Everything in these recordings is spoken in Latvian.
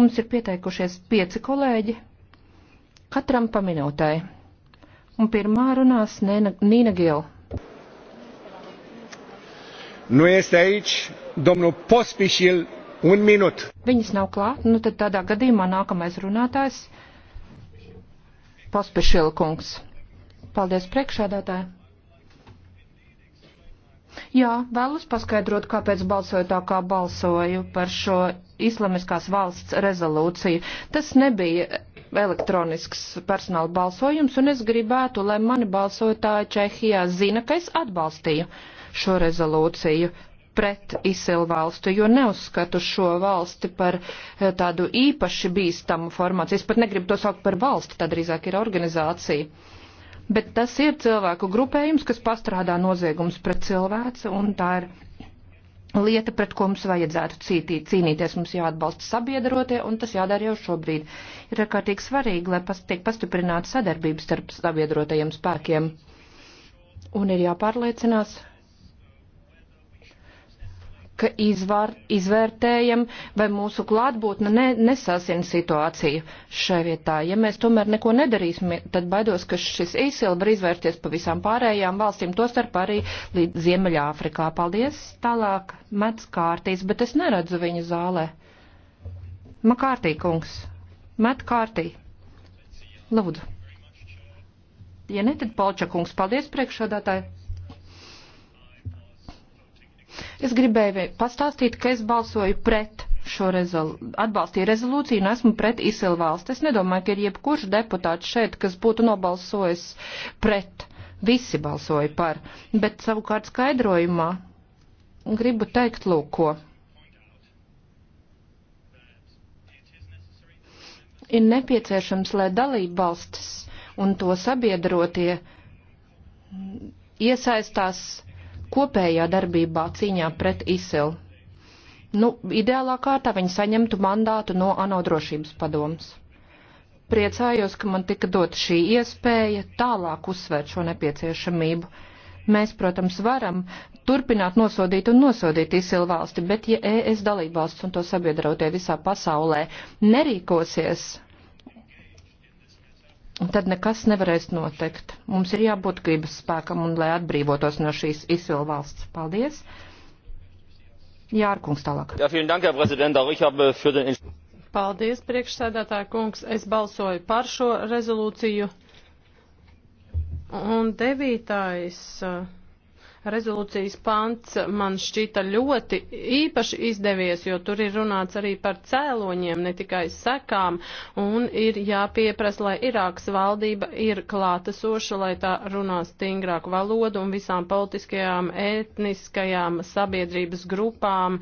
Mums ir pieteikušies pieci kolēģi, katram pa minūtai. Un pirmā runās Nēna, Nīna Gil. Nu este aici, domnul Pospišil, un minut. Viņas nav klāt, nu tad tādā gadījumā nākamais runātājs Pospišil kungs. Paldies priekšādātāji. Jā, vēlos paskaidrot, kāpēc balsoju tā, kā balsoju par šo islamiskās valsts rezolūciju. Tas nebija elektronisks personāla balsojums, un es gribētu, lai mani balsotāji Čehijā zina, ka es atbalstīju šo rezolūciju pret izsilu valstu, jo neuzskatu šo valsti par eh, tādu īpaši bīstamu formāciju. Es pat negribu to saukt par valsti, tad drīzāk ir organizācija bet tas ir cilvēku grupējums, kas pastrādā noziegums pret cilvēci, un tā ir lieta, pret ko mums vajadzētu cītīt, cīnīties. Mums jāatbalsta sabiedrotie, un tas jādara jau šobrīd. Ir ārkārtīgi svarīgi, lai pas, tiek pastiprināta sadarbības starp sabiedrotajiem spēkiem, un ir jāpārliecinās, labāk izvar, izvērtējam, vai mūsu klātbūtne ne, nesasina situāciju šai vietā. Ja mēs tomēr neko nedarīsim, tad baidos, ka šis īsil var izvērties pa visām pārējām valstīm, tostarp arī līdz Ziemeļāfrikā. Paldies! Tālāk mets kārtīs, bet es neredzu viņu zālē. Makārtī, kungs! Met kārtī! Lūdzu! Ja ne, tad Polčakungs, paldies priekšādātāji! Es gribēju pastāstīt, ka es balsoju pret šo rezol atbalstīju rezolūciju un esmu pret Isil valsts. Es nedomāju, ka ir jebkurš deputāts šeit, kas būtu nobalsojis pret. Visi balsoja par, bet savukārt skaidrojumā gribu teikt lūko. Ir nepieciešams, lai dalība valstis un to sabiedrotie iesaistās kopējā darbībā cīņā pret ISIL. Nu, ideālā kārtā viņi saņemtu mandātu no ANO drošības padomas. Priecājos, ka man tika dot šī iespēja tālāk uzsvērt šo nepieciešamību. Mēs, protams, varam turpināt nosodīt un nosodīt ISIL valsti, bet ja ES dalībvalsts un to sabiedrotie visā pasaulē nerīkosies tad nekas nevarēs notikt. Mums ir jābūt gribas spēkam un lai atbrīvotos no šīs izsilu valsts. Paldies! Jārkungs tālāk. Ja, dank, den... Paldies, priekšsēdētāja kungs. Es balsoju par šo rezolūciju. Un devītais. Uh, rezolūcijas pants man šķita ļoti īpaši izdevies, jo tur ir runāts arī par cēloņiem, ne tikai sekām, un ir jāpieprasa, lai Irākas valdība ir klātesoša, lai tā runā stingrāku valodu un visām politiskajām, etniskajām sabiedrības grupām.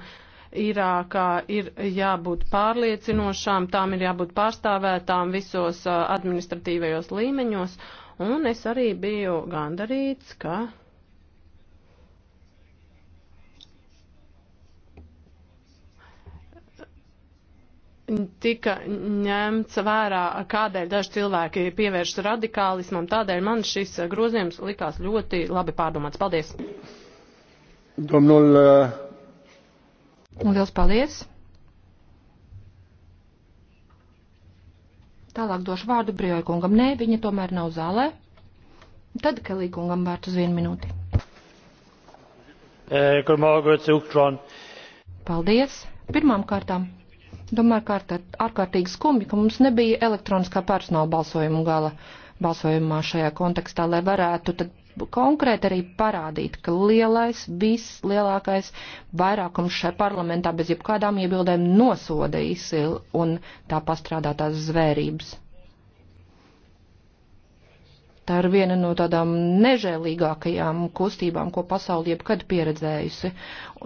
Irākā ir jābūt pārliecinošām, tām ir jābūt pārstāvētām visos uh, administratīvajos līmeņos, un es arī biju gandarīts, ka tika ņemts vērā, kādēļ daži cilvēki pievēršas radikālismam. Tādēļ man šis grozījums likās ļoti labi pārdomāts. Paldies! Domnul... Un liels paldies! Tālāk došu vārdu Brioja kungam. Nē, viņa tomēr nav zālē. Tad Kelī kungam vārds uz vienu minūti. Eh, paldies! Pirmām kārtām Domāju, ka ārkārtīgi skumji, ka mums nebija elektroniskā personāla balsojuma gala balsojumā šajā kontekstā, lai varētu tad konkrēti arī parādīt, ka lielais, vislielākais vairākums šai parlamentā bez jebkādām iebildēm nosodījis un tā pastrādātās zvērības. Tā ir viena no tādām nežēlīgākajām kustībām, ko pasauli jebkad pieredzējusi.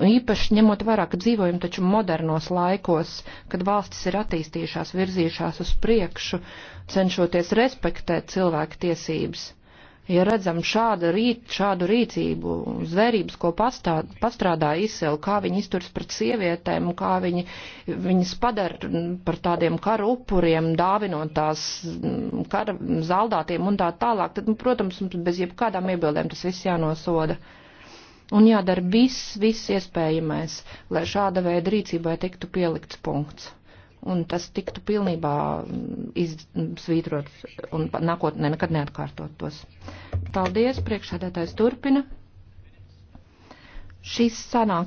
Un īpaši ņemot vērā, ka dzīvojam taču modernos laikos, kad valstis ir attīstījušās, virzījušās uz priekšu, cenšoties respektēt cilvēku tiesības. Ja redzam šādu, rīt, šādu rīcību, zvērības, ko pastā, pastrādā izsēl, kā viņi izturs pret sievietēm, kā viņi viņas padara par tādiem karu upuriem, dāvinot tās mm, kara zaldātiem un tā tālāk, tad, nu, protams, bez jebkādām iebildēm tas viss jānosoda. Un jādara viss, viss iespējamais, lai šāda veida rīcībai tiktu pielikts punkts un tas tiktu pilnībā mm, izsvītrots un nākotnē nekad neatkārtot tos. Paldies, priekšsēdētājs turpina. Šīs sanāks.